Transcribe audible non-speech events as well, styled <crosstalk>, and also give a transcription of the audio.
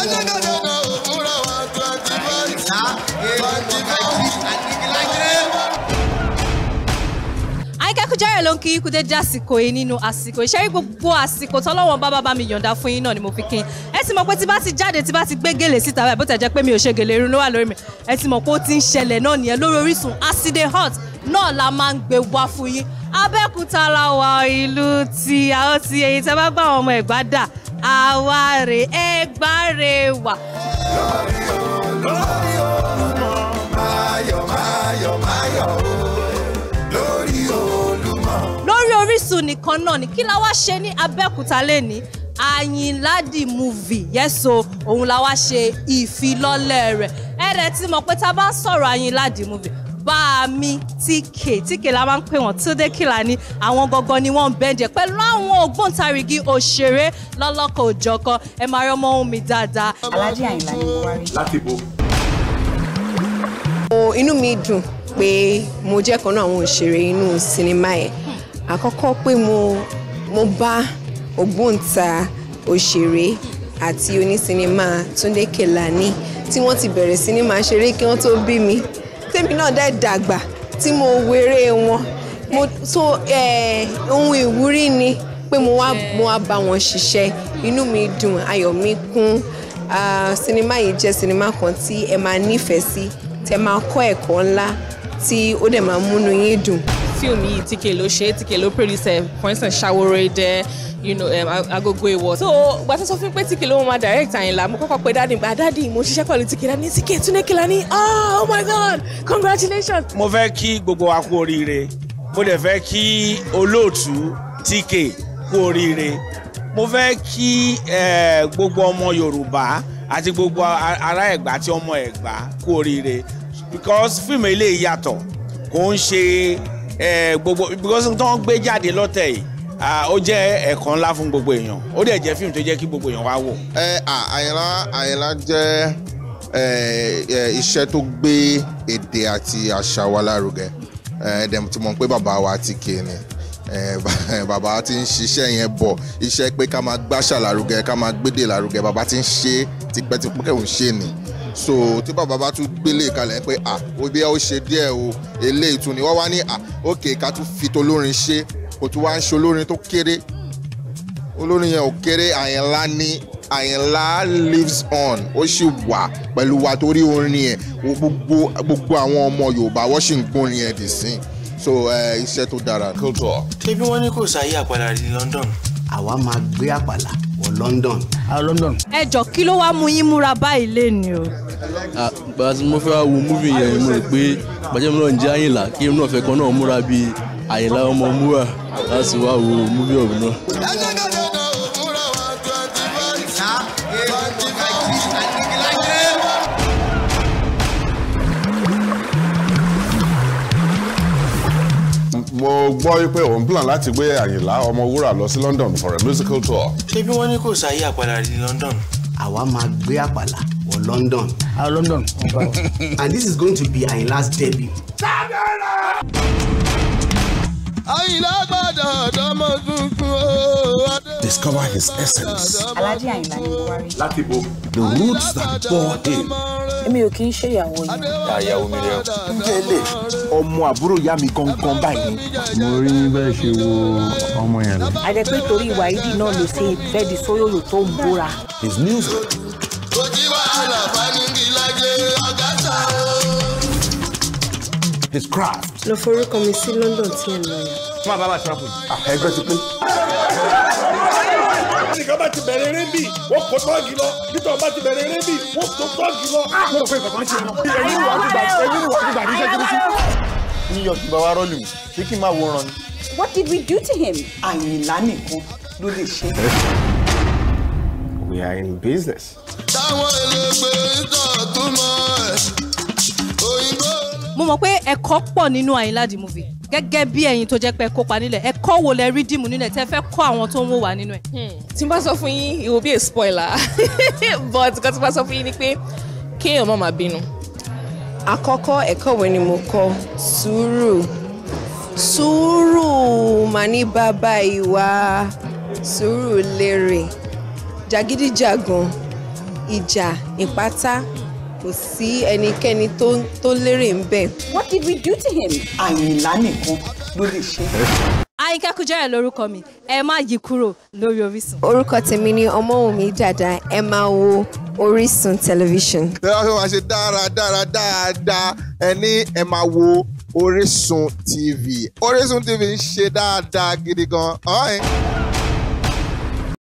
ẹlẹ́gàdé náà ò túnra wa twenty five twenty five. Àyìnkẹ́ Kújárẹ̀ ló ń kí ikú dédé àsìkò yìí nínú àsìkò iṣẹ́ rí gbogbo àsìkò tọ́lọ́wọ́n bá bàbá mi yọ̀ǹda fún yín náà ni mo fi kí n ẹ ti mọ̀ pé tí bá ti jáde tí bá ti gbé gèlè síta báyìí bó tẹ̀ jẹ́ pé mi ò ṣe gèlè irun ló wà lórí mi ẹ ti mọ̀ pé ó ti ń ṣẹlẹ̀ náà nìyẹn lórí Orísun aside hot náà la máa ń gbé wá fún yín Abẹ́òkúta la wà ìlú ti àwọn ti èyí tẹ́ bá gbà àwọn ọmọ Ẹ̀gbá dà àwa rè é gbáre wà. lórí o lórí o mọ máyọ̀ máyọ̀ máyọ̀ o lórí Olúmọ. lórí Orísun nìkan náà ni kí la wá ṣe ní Abẹ́òkúta lẹ́ni Àyìnládì movie yes o òun la wá ṣe ìfilọ́lẹ̀ rẹ̀ ẹ̀rẹ̀ tí mo pé tá a bá ń sọ̀rọ̀ Àyìnládì movie bàbá mi tíkè tíkè la máa ń pè wọ́n Túndé Kèlání àwọn gangan ni wọ́n ń bẹ́ǹjẹ̀ pẹ̀lú àwọn ògbóǹtarìgì òṣèré lọ́lọ́kọ̀ òjọ̀kan ẹ máa rí ọmọ ohun mi dáadáa. Alhaji Àyìnlá ni mo wá rí. láti inú mi dùn pé mo jẹ́ kan náà àwọn òṣèré inú sinimá yẹn àkọ́kọ́ pé mo mo bá ògbóǹta òṣèré àti onísinimá Túndé Kèlání tí wọ́n ti bẹ̀rẹ̀ sinimá ṣeré kí wọ́n tó bí mi tèmi náà dẹ̀ dàgbà tí mo wéré wọn mo so ohun ìwúrí ni pé mo wá mo wá bá wọn ṣiṣẹ́ inú mi dùn ayọ̀ mi kún sinimá yìí jẹ́ sinimá kan tí ẹ máa nífẹ̀ẹ́ sí tẹ máa kọ́ ẹ̀kọ́ ńlá tí ó dẹ̀ máa múnú yín dùn. fíìmù yìí tíkè ló ṣe é tíkè ló pèrè sẹ for instance Ṣàwòrẹ̀dẹ̀ you know um, agogo ìwọ so gba tó sọ fún pé tíkì ló máa direct àyìnlá mo kọ́kọ́ pé dádì gba dádì mo ṣiṣẹ́ pẹ̀lú tíkì dání tíkì ẹ̀túnẹ́kìlá ní oh, oh my god congratulations. mo fẹ́ kí gbogbo wa kú oríire mo dẹ̀ fẹ́ kí olóòtú TK kú oríire mo fẹ́ kí gbogbo ọmọ Yorùbá àti gbogbo ará Ẹ̀gbá àti ọmọ Ẹ̀gbá kú oríire because fíìmù eléyìí yàtọ̀ kò ń ṣe gbogbo because tó ń gbé jáde lọ́tẹ̀ yìí ó jẹ́ ẹ̀kọ́ ńlá fún gbogbo èèyàn ó dẹ̀ jẹ́ fíìmù tó jẹ́ kí gbogbo èèyàn wá wò. ẹ àyìnlá àyìnlá jẹ́ iṣẹ́ tó gbé èdè àti àṣà wa lárugẹ ẹ̀ẹ́dẹ̀m tí mo ń pé bàbá wa ti kè ni <laughs> bàbá ti ń ṣiṣẹ́ yẹn bọ̀ iṣẹ́ pé ká máa gbàṣà lárugẹ ká máa gbédè lárugẹ bàbá ti ń ṣe tipẹ́tipẹ́ òun ṣe ni so tí bàbá bá tún gbélé kalẹ̀ pé à ó bí ẹ ó ṣe díẹ̀ o eléyìí tún ni wọ́n wá ní à ókè ká tún fi tolórin ṣe kò tún wá ń ṣe olórin tó kéré olórin yẹn ò kéré àyìnlá ní àyìnlá lives on ó sì wà pẹ̀lú wa torí orin yẹn gbogbo gbogbo àwọn ọmọ yorùbá wọ́n sì ń gbórin yẹn dì sí so iṣẹ́ tó dára. ṣé bí wọ́n ní kò sáyé àpàlà ní London. àwa máa gbé àpàlà wọ London. a London. ẹ jọ kí ló wàá mú yín múra báyìí lé ni o. gbàtí mo fẹ́ wo múfì yẹn mo rò pé gbàjẹ́ mi náà ń jẹ́ àyìnlá kí mi náà fẹ́ kan náà múra bíi àyìnlá ọmọ múra láti wá wo múbí ọ̀hún náà. mo gbọ́ wípé òun plan láti gbé àyìnlá ọmọ wúrà lọ sí London for a musical tour. ṣé bí wọ́n ní kò sáyé àpàlà ní London. àwa máa gbé àpàlà wọ London. ah London. and this is going to be Àyìnlá's debut. sábẹ́rẹ́ àyìnlá gbàdọ̀ ọ̀dọ́mọ tuntun o. Discover his essence. Alhaji Àyìnlá ni mo wá Láti bo. The roots that bore him. Èmi ò kí ń ṣe ìyàwó Àyàwó mi rẹ̀. Ǹjẹ́ lè ọmọ àbúrò ìyá mi gangan báyìí? Mo rí bẹ́ẹ̀ ṣe wo ọmọ yẹn lọ. Àjẹpẹ́ torí ìwà ìdí náà ló ṣe fẹ́ di sóyòyò tó ń bóra. His music his craft. lọ forúkọ mi sí London tí ẹ lọ yà. fún àbábà travel. Ah, ẹgbẹ́ ti pé. nìkan bá ti bẹ̀rẹ̀ eré bì wọ́n kó tọ́ọ̀gì lọ nítorí bá ti bẹ̀rẹ̀ eré bì wọ́n kó tọ́ọ̀gì lọ. Ah, mo rò pé ìgbà ń ṣe wọn. ẹ̀yin ni ni wàá ti gbà ní iṣẹ́ kiri sí. ní yọ̀sùn bàbá rọ́ọ̀lù ṣé kí n máa wòran ni. what did we do to him? we are in business mo mọ̀ pé ẹ̀kọ́ pọ̀ nínú Àyìnlá movie gẹ́gẹ́ bí ẹ̀yin tó jẹ́ pé kópa nílẹ̀ ẹ̀kọ́ wo lẹ rí dìmú nílẹ̀ tẹ́ fẹ́ kọ́ àwọn tó ń wò wá nínú ẹ̀. Hmm. tí n bá sọ fún yín it will be a spoiler <laughs> but nǹkan tí n bá sọ fún yín ni pé kéèyàn má máa bínú. àkọ́kọ́ ẹ̀kọ́ wo ni mo kọ́ sùúrù sùúrù mà ní bàbá ìwà sùúrù lérè jàgídíjàgan ìjà ìpátá kò sí ẹnikẹ́ni tó lérè ń bẹ̀. What did we do to him? Àyìnlá nìkan ló lè ṣe. Àyìnkẹ́ Kújẹ́rẹ́ lórúkọ mi ẹ má yí kúrò lórí Orísun. Orúkọ tèmi ni Ọmọ́wùnmí Dàda ẹ máa wo Orísun tẹlifíṣàn. Tẹ́lá fẹ́ máa ṣe dáradára dáadáa ẹ ní ẹ máa wo Orísun TV Orísun TV ń ṣe dáadáa gidi gan-an.